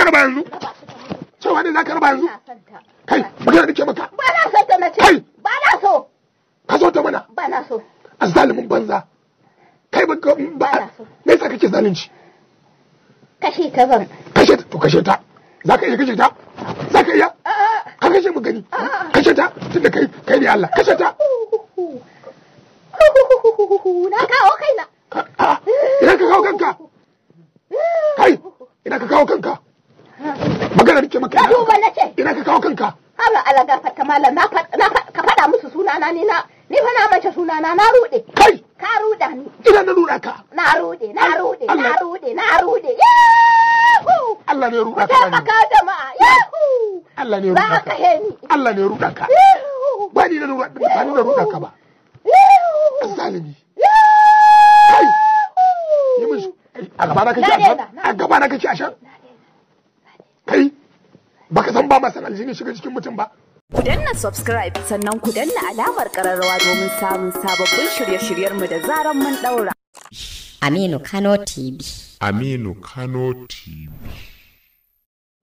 ka raba yanzu cewa ne za ka raba yanzu kai magana nake maka ba na so ta mace kai ba na so ka so ta mana ba na so azalimin banza kai ba ka ba me yasa kake zalunci kashe ta zan kashe ta to kashe ta za ka iya kashe ta za ka iya ka kashe mu gani kashe ta tunda kai kai ne Allah kashe ta na kawo kaina ina ka kawo kanka kai ina ka kawo kanka maganar ke maka ina duba nace ina ka kawo kanka Allah Allah gafarta malam na na ka fada musu sunana ni na ni fa na mace sunana na rude kai ka ruda ni ina na ruda ka na rude na rude na rude na rude yahu Allah ne ruda ka ka ka jama'a yahu Allah ne ruda ka ba ka Allah ne ruda ka ba ni na ruda ba ni na ruda ka ba zalimi kai yi mishi a gaba na kake azab bai shiga cikin mutum ba. Ku danna subscribe sannan ku danna alamar kararrawa domin samun sababbin shirye-shiryenmu da zaran mun daura. Aminu Kano TV. Aminu Kano TV.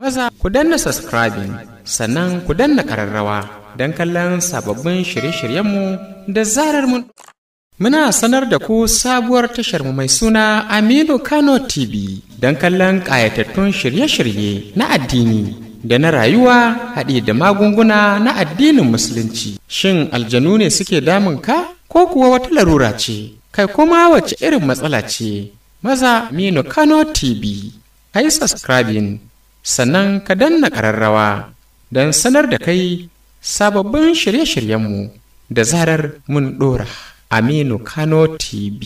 Maza ku danna subscribing sannan ku danna kararrawa don kallon sababbin shirye-shiryenmu da zarar mun Muna sanar da ku sabuwar tasharmu mai suna Aminu Kano TV don kallon ƙayatattun shirye-shirye na addini da na rayuwa haɗe da magunguna na addinin musulunci shin aljanu ne suke damun ka ko kuwa wata larura ce kai kuma wace irin matsala ce maza mino kano tv yi subscribing sannan ka danna ƙararrawa don sanar da kai sababbin shirye-shiryenmu da zarar mun ɗora aminu kano tv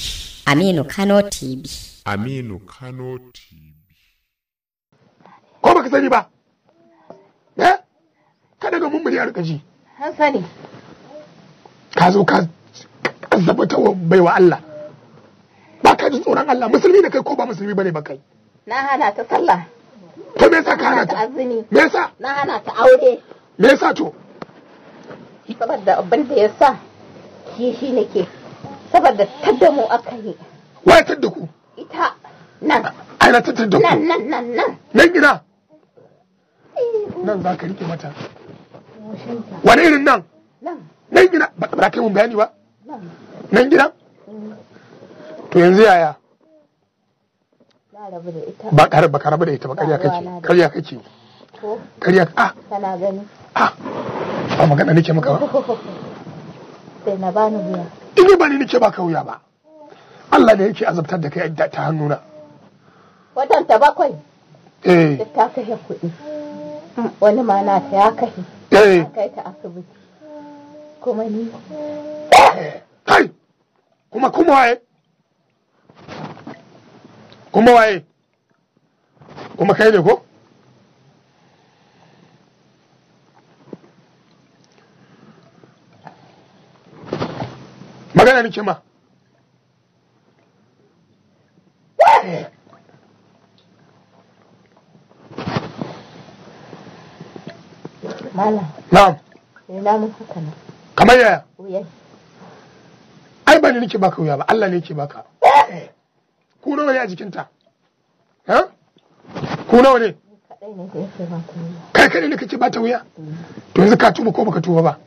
aminu kano tv aminu kano tv ko baka sani ba a rika ji hasani ka zo ka wa bai baiwa Allah ba ka ji tsoron Allah musulmi da kai ko ba musulmi bane ba kai na hana ta sallah to me yasa ka hana ta azumi me yasa na hana ta aure me yasa to saboda abin da yasa shi shi nake saboda tadda mu aka yi wai tadda ku ita nan ai na tadda ku nan nan nan nan nan gida eh. nan za ka rike mata wani irin nan nan gida ba ta kai mun bayani ba nan gida to yanzu yaya ba ka ba rabu da ita ba karya kake karya kake karya ka ah! kana gani a ah! ba magana nake maka ba sai na bani ina ba ni nake ba ka wuya ba Allah ne yake azabtar da kai ta hannuna watan ta bakwai eh ta kashe kuɗi wani ma na ta ya kashe Eh. kai ta asibiti kuma ni kai kuma kuma waye kuma waye kuma kai ne ko magana nake ma Malam. Na'am. Ina eh, mun haka nan. Kamar yaya? Ai ba ni nake baka wuya ba, Allah ne yake baka. Eh! Ku nawa ne a jikinta? Ha? Ku nawa ne? Kai kaɗai ne kake bata wuya? To yanzu ka tuba ko baka tuba ba?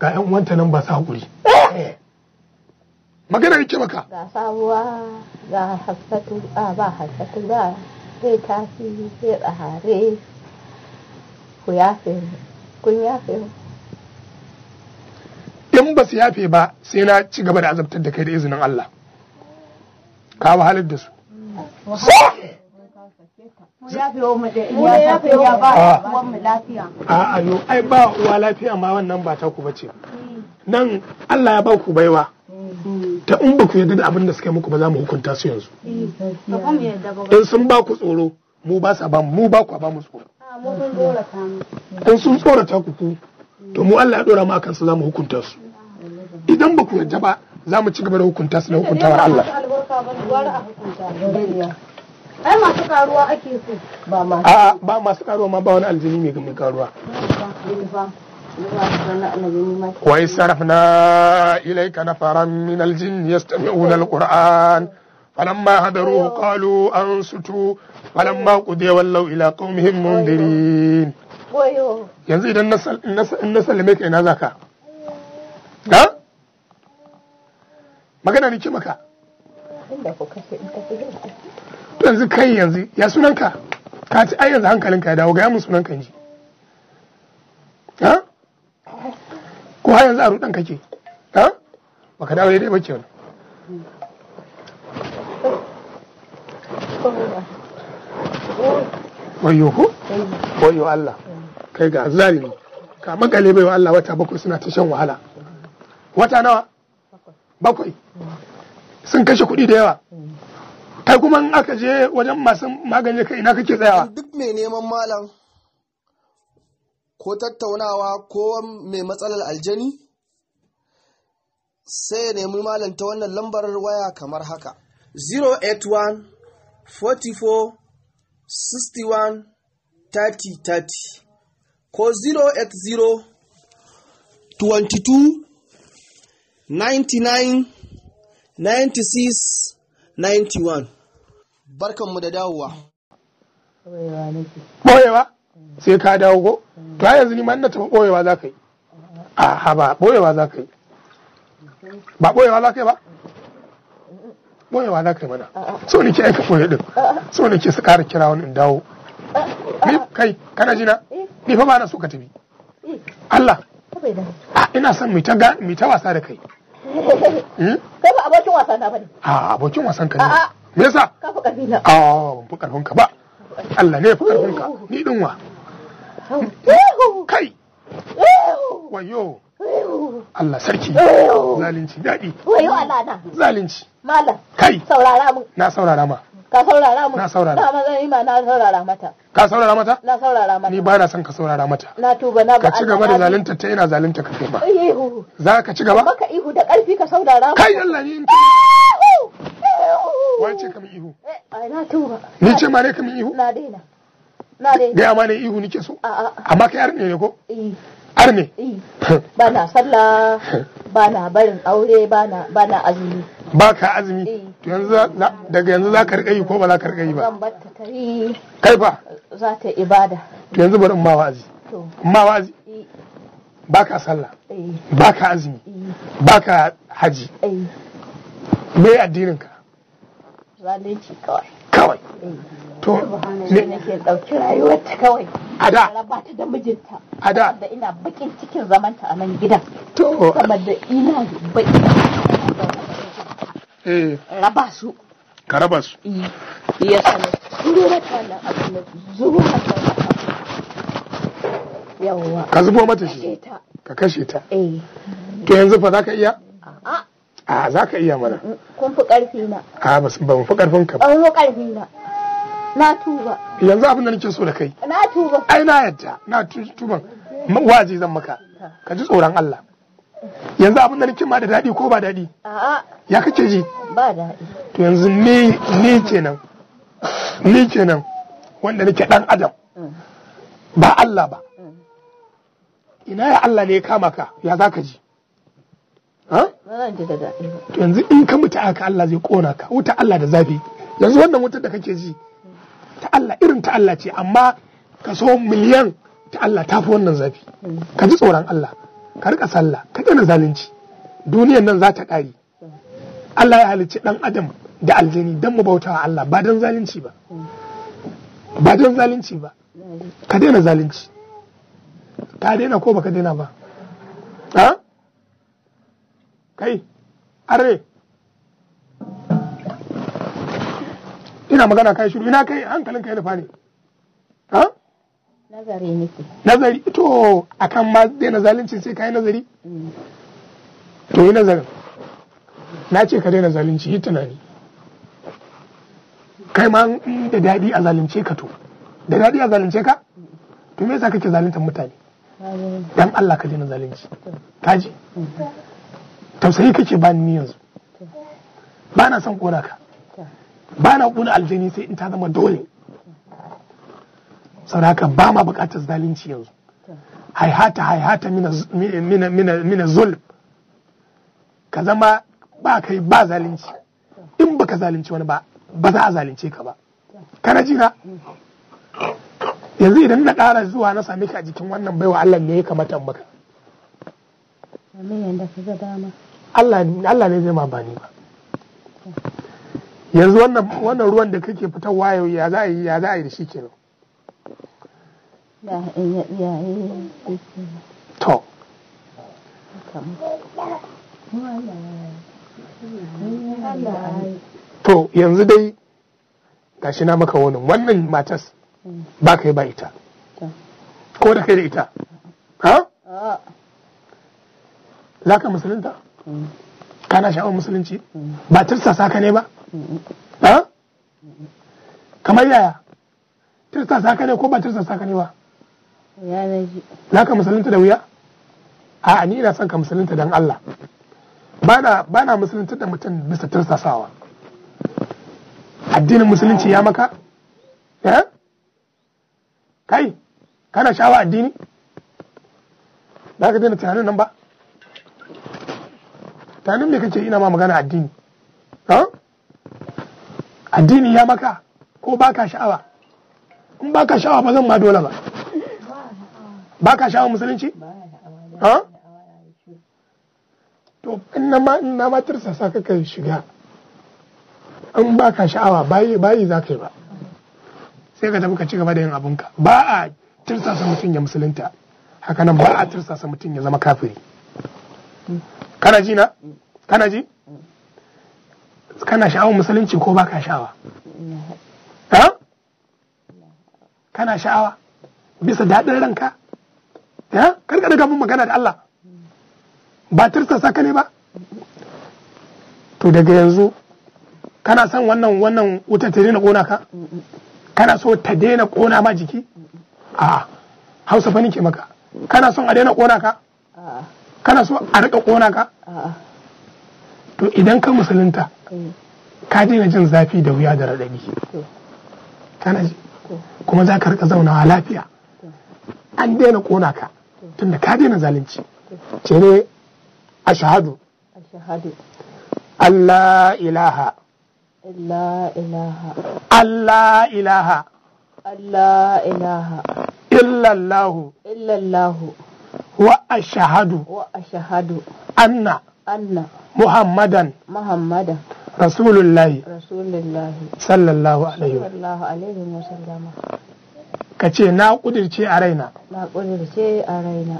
Ga 'yan uwanta nan ba sa haƙuri. Eh! Magana yake maka? Ga sabuwa, ga hassatu, a ba hassatu, ga zai tafi, zai tsahare, in ba su yafe ba sai na ci gaba da azabtar da kai da izinin Allah ka wahalar da su ah. ai ba uwa lafiya ma wannan ba ta ku ce, nan Allah ya ba ku baiwa ta in ba ku yarda da abin da suka muku ba za mu hukunta su yanzu eh, in sun ba ku tsoro mu ba sa ba mu ba ku ba mu tsoro in sun tsorata ku ku to mu Allah ya dora mu akan su zamu mu hukunta su idan ba ku yarda ba za mu ci gaba da hukunta su na hukuntawar Allah ai masu karuwa ake so ba masu a ba masu karuwa ma ba wani aljini mai gamin karuwa وإذ صرفنا إليك نفرا ya الجن يستمعون القرآن فلما هدروه قالوا أنصتوا فلما قضي ولوا إلى قومهم منذرين yanzu idan na sallame ka ina zaka ga magana ne ce maka yanzu kai yanzu ya sunanka ka ci ai yanzu hankalinka ya dawo ga yamin sunanka yanzu ha ko har yanzu a rudan kake ha baka dawo dai bace wani wayo ko mm. wayo Allah mm. kai ga zalimi ka makale bai Allah wata bakwai suna ta shan wahala wata nawa bakwai mm. sun kashe kuɗi da yawa kai kuma in aka je wajen masu magani kai ina kake tsayawa duk mai neman malam ko tattaunawa ko mai matsalar aljani sai ya nemi malam ta wannan lambar waya kamar haka 081 44 61 30 30 ko 080 22 99 96 91 barkanmu da dawowa ɓoyewa sai ka dawo ko ta yanzu ni man na tafi ɓoyewa za ka yi a ba ɓoyewa za ka yi ba ɓoyewa za ka yi ba boyewa za ka yi mana so ke aika boye din so ke su ƙara kira wani dawo ni kai kana jina ni fa ba na so ka tafi Allah ina son mu ta wasa da kai hmm? kai ba abokin wasan na bane a abokin wasan ka ne me yasa ka fi karfi na a ban fi karfin ka ba Allah ne ya fi karfin ka ni din wa kai wayo Allah sarki zalunci daɗi wayo Allah na zalunci malam kai saurara mu na saurara ma ka saurara mu na saurara zan yi ma na saurara mata ka saurara mata na saurara mata ni ba na son ka saurara mata na tuba na ba ka ci gaba da zalunta ta ina zalunta ka kai ba za ka ci gaba maka ihu da ƙarfi ka saurara kai Allah ni in wai ce kamar ihu eh, na tuba ni ce ma ne kamar ihu na daina na daina gaya ma ne ihu nike so A'a. amma kai yar ne ko eh. arme eh, ba na sallah ba na barin aure ba eh. na azumi ba ka azumi daga yanzu za ka yi ko ba za ka yi ba zan batta ta yi kai ba za ta ibada yanzu bari in ma wa'azi ma wa'azi eh. ba ka sallah ba ka azumi ba ka haji me addinin ka zalunci kawai kawai to ne nake dauki rayuwar ta kawai ada raba ta da mijinta ada da ina bakin cikin zamanta a nan gidan to saboda ina bakin eh raba su ka raba su ya sani zuwa ta nan a da zuwa ta yawwa ka zubo mata shi ka kashe ta eh. to yanzu fa zaka iya a za ka iya mana kun fi karfi na a ba mu fi karfin ka ba mu karfi na na tuba yanzu abin da nake so da kai na tuba ai na yadda na tuban waje zan maka ka ji tsoron Allah yanzu abin da nake ma da daɗi ko ba daɗi ya kake ji ba dadi. to yanzu ni ni kenan ni kenan wanda nake dan adam mm. ba Allah ba mm. ina ya Allah ne ya kama ka ya za ka ji yanzu in ka mutu aka Allah zai kona ka wuta Allah da zafi yanzu wannan wutar da kake ji ta Allah irin ta Allah ce amma ka so miliyan ta Allah ta fi wannan zafi ka ji tsoron Allah ka rika sallah ka daina zalunci duniyan nan za ta ƙari Allah ya halicci dan adam da aljani don mu bauta wa Allah ba don zalunci ba ba don zalunci ba ka daina zalunci ka daina ko baka daina ba ha kai are ina magana kai shiru ina kai hankalin kai nufa ne ha nazari nake nazari to akan ma na zalunci sai kai nazari mm. to yi nazarin na ce ka daina zalunci yi tunani kai ma da daɗi a zalunce ka to da daɗi a zalunce ka to me yasa kake zaluntar mutane dan Allah ka daina zalunci kaji mm. tausayi kake bani ni yanzu ba na son kora ka ba na ƙuna aljani sai in ta zama dole saboda haka ba ma buƙatar zalunci yanzu haihata haihata mina zulm ka zama ba kai ba zalunci in baka zalunci wani ba ba za a zalunce ka ba kana jira yanzu idan na ƙara zuwa na sami ka a jikin wannan baiwa Allah ne ya kamata maka Allah ne zai ma bani ba yanzu wannan ruwan da kake fitarwa yau ya za a yi ya za a yi da shi kenan to to yanzu dai gashi na maka wani wannan matas ba kai ba ita ko da kai da ita ha laka musulunta mm. kana sha'awar musulunci mm. ba tirsasa ka ne ba ha kamar yaya tirsa saka ne ko ba tirsa saka ne ba za ka musulunta da wuya a ni ina son ka musulunta don Allah ba na musulunta da mutum bisa tirsasawa addinin musulunci ya maka kai kana shawa addini za ka daina tunanin nan ba tunanin me kake ina ma magana addini ha addini ya maka ko baka sha'awa in baka sha'awa ba zan ma dole ba baka sha'awa musulunci ha to inna ma inna ma tirsasa ka kai shiga in baka sha'awa bayi bayi za ka yi ba sai ka tafi ka ci gaba da yin abinka ba a tirsasa mutum ya musulunta hakanan ba a tirsasa mutum ya zama kafiri mm. kana ji na mm. kana ji kana sha'awar musulunci ko baka sha'awa ha kana sha'awa bisa daɗin ranka ya karka daga mun magana da Allah ba tirsasa saka ne ba to daga yanzu kana son wannan wannan wutar ta daina ƙona ka kana so ta daina ƙona ma jiki a hausa fa ke maka kana son a daina ƙona ka kana so a rika ƙona ka to idan ka musulunta mm. ka daina jin zafi da wuya da raɗaɗi kana mm. ji mm. kuma za ka rika a lafiya an daina kona ka tunda ka daina zalunci ce ne a shahadu Allah ilaha Allah ilaha Allah ilaha illallahu illallahu wa ashhadu wa ashhadu anna anna muhammadan muhammadan rasulullahi rasulullahi sallallahu alaihi wa sallama ka ce na kudirce a raina na kudirce a raina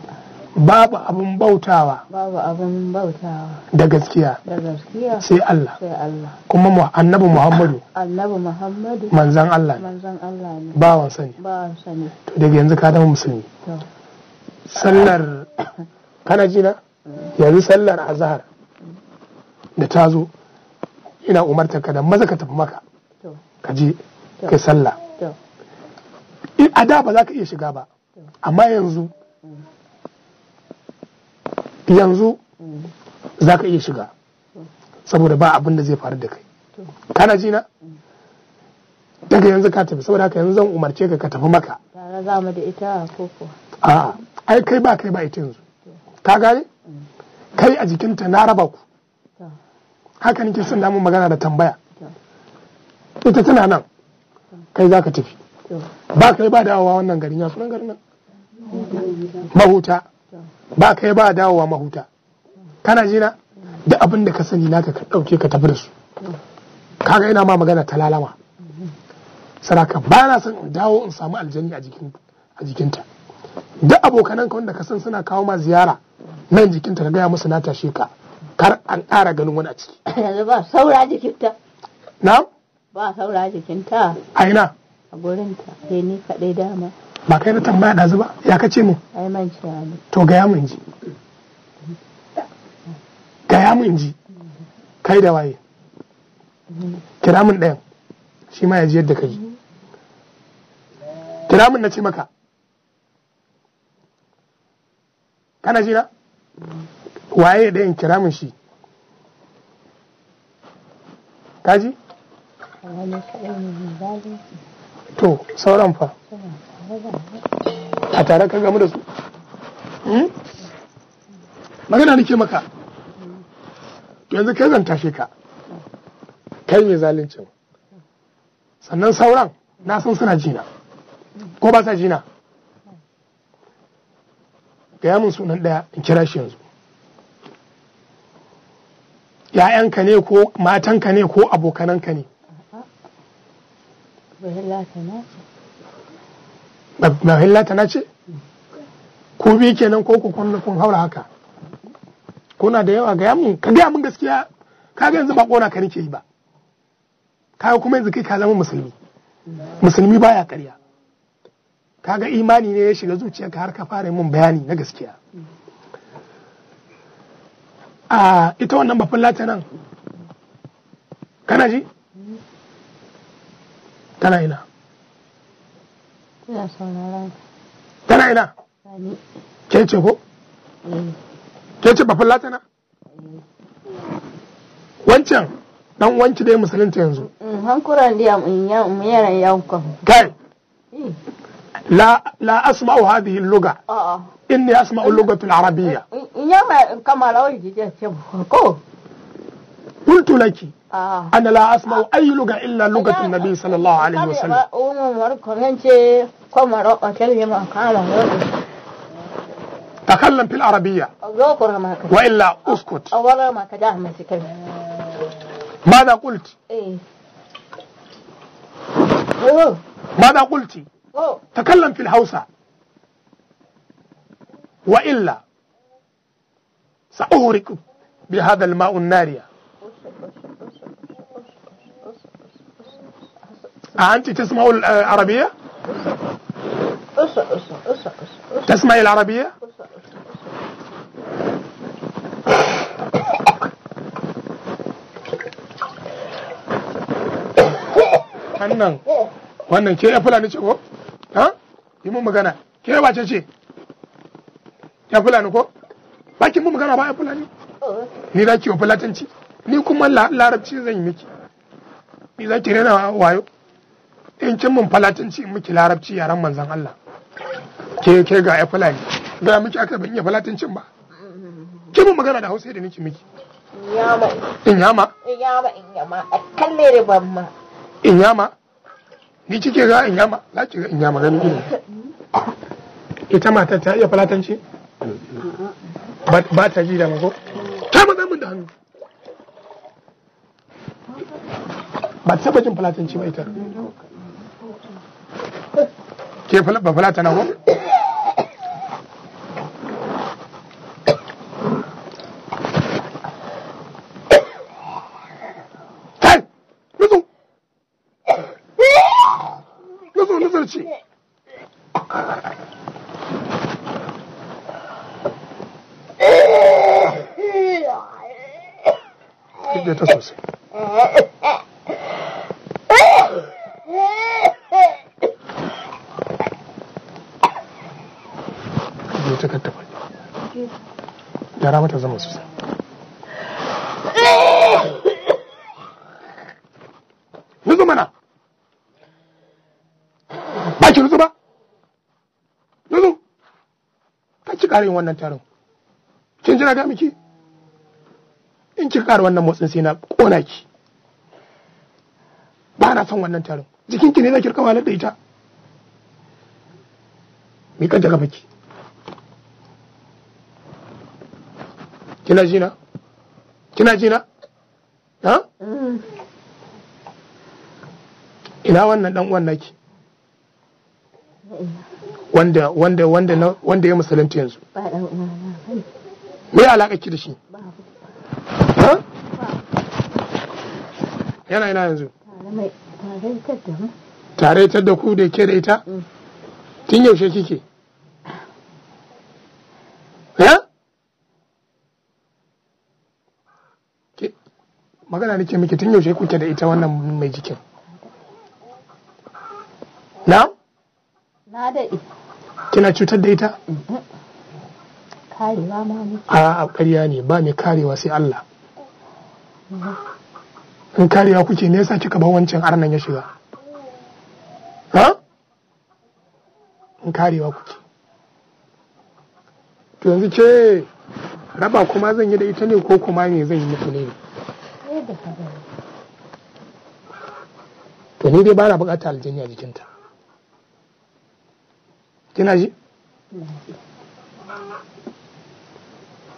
babu abun bautawa babu abun bautawa da gaskiya da gaskiya sai Allah sai Allah kuma annabi Muhammadu annabi Muhammadu manzan Allah manzan Allah ne Ba wa sani Ba wa sani to daga yanzu ka zama musulmi sallar kana jina mm. yanzu sallar azhar da ta zo ina umarta ka da maza ka tafi maka ka je kai sallah a da ba za ka iya shiga ba amma yanzu mm. yanzu mm. za ka iya shiga saboda ba abin da zai faru da kai kana ji na mm. daga yanzu ka tafi saboda haka yanzu zan umarce ka ka tafi maka tare za mu da ita a ai kai ba kai ba ita yanzu ka gane kai a jikinta na raba ku haka nake son damu magana da tambaya ita tana nan kai za ka tafi ba kai ba dawowa wannan garin ya sunan garin nan mahuta ba kai ba dawowa mahuta kana jina da abin da ka sani naka ka ɗauke ka tafi da su kaga ina ma magana ta lalama saraka ba na son in dawo in samu aljanni a jikinta duk abokananka wanda ka san suna kawo ma ziyara nan jikinta ka gaya musu na tashe ka kar an ƙara ganin wani a ciki yanzu ba saura jikinta na ba saura jikinta a ina a gurinta sai ni kaɗai dama ba kai na tambaya ɗazu ba ya kace mu ai man ne to gaya mun ji gaya mun ji kai da waye kira mun ɗayan shi ma ya ji yadda ka ji kira mun na ce maka kana ji na waye da in kira shi kaji to sauran fa a tare ka gamu da su hmm? magana nake maka to yanzu kai zan tashe ka kai mai zalincin sannan sauran na san suna jina ko ba sa jina gaya yamin sunan daya in kira shi yanzu ‘ya'yanka ne ko matanka ne ko abokananka ne mahillata na ce biyu bi kenan ko ku kun kun haura haka kuna da yawa gaya mun ka gaya mun gaskiya ka ga yanzu ba kona ka nake yi ba ka kuma yanzu kai ka zama musulmi musulmi baya karya Ka ga imani ne ya shiga ka har ka fara mun bayani na gaskiya a ita wannan bafin nan? kana ji tana ina tana ina ke ce ko eh. ke ce bafin latana wancan dan wanci dai musulunta yanzu mm, hankuran da yaran yankan kai eh. la asma'u hadhihi luga inni asma'u lugatul arabiyya eh, قلت لك آه. أنا لا أسمع أي لغة إلا لغة النبي صلى الله عليه وسلم تكلم في العربية وإلا أسكت ماذا قلت إيه. ماذا قلت تكلم في الهوسة وإلا سأهرك بهذا الماء الناري أنت تسمع العربية؟ تسمع العربية؟ wannan wannan ke ya fulani ce ko? ha? yi mun magana ke wace ce? ya fulani ko? ba kin magana ba ai fulani ni za ki wa fulatanci ni kuma larabci zan yi miki ni za ki rena wayo in kin mun fulatanci in miki larabci yaran manzan Allah ke ke ga ya fulani ga miki aka ban ya fulatancin ba ki mu magana da Hausa da niki miki inyama inyama inyama inyama a ne ban ma inyama ni kike ga inyama za ki ga inyama ganin ita mata ta iya fulatanci ba ta ji da mako ta maza mun da hannu ba ta taba jin falatanci ba ita ke ba na ko ita ta faɗi gyara mata zama sosai nutsu mana ba ki nutsu ba nutsu ta ci karin wannan tarin kin jira ga miki in ci karin wannan motsin sai na kona ki ba na son wannan tarin jikinki ne na kirka walar da ita mi kan ta ki kina jina kina jina ha ina wannan dan uwan naki wanda wanda wanda wanda ya musulunta yanzu me alaka ki da shi ha yana yana yanzu tare ta da ku da ke da ita mm. tun yaushe kike magana nake miki tun yaushe kuke da ita wannan mai jikin na na daɗe kina cutar da ita mm-hmm. karewa ma ne a ƙarya ne ba mai karewa sai Allah mm-hmm. in karewa kuke ne kika ba wancan arnan ya shiga ha in karewa kuke to yanzu ce raba kuma zan yi da ita ne ko kuma me zan yi ne ne da ta ne to ni dai ba na bukata aljini a jikinta kina ji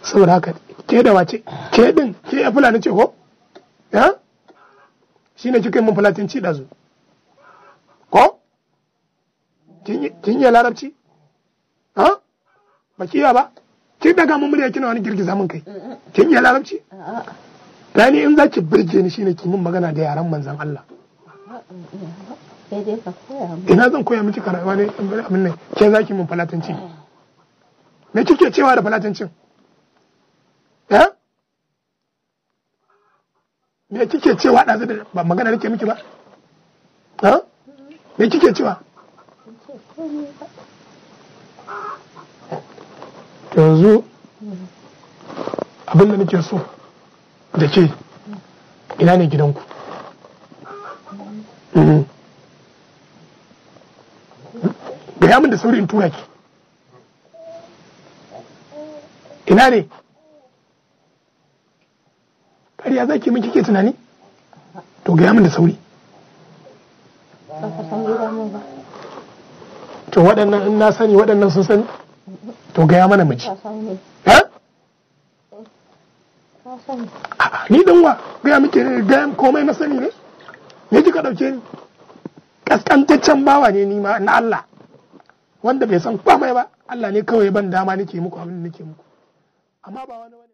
saboda haka ke da wace ke din ke ya fulani ce ko ya shi ne kika yi mun ci ɗazu ko kin yi larabci ha ba ki ba kin daga mun murya kina wani girgiza mun kai kin yi larabci rani in zaki birge ni shine ki min magana da yaran manzon Allah ina zan koya miki karatu ne abin nan ke zaki min falatanci me kike cewa da falatancin eh me kike cewa da da ba magana nake miki ba Eh? me kike cewa yanzu abin da nake so da ke ina ne gidanku da mm-hmm. ya min da sauri in tura ki ina ne ƙarya za ki min kike tunani to ga min da sauri to waɗannan in na sani waɗannan sun sani to gaya mana miji ha? ni dan wa gaya muke gaya komai na sani ne me kika dauke ni kaskantaccen bawa ne ni ma na Allah wanda bai san komai ba Allah ne kawai ban dama nake muku abin da nake muku amma ba wani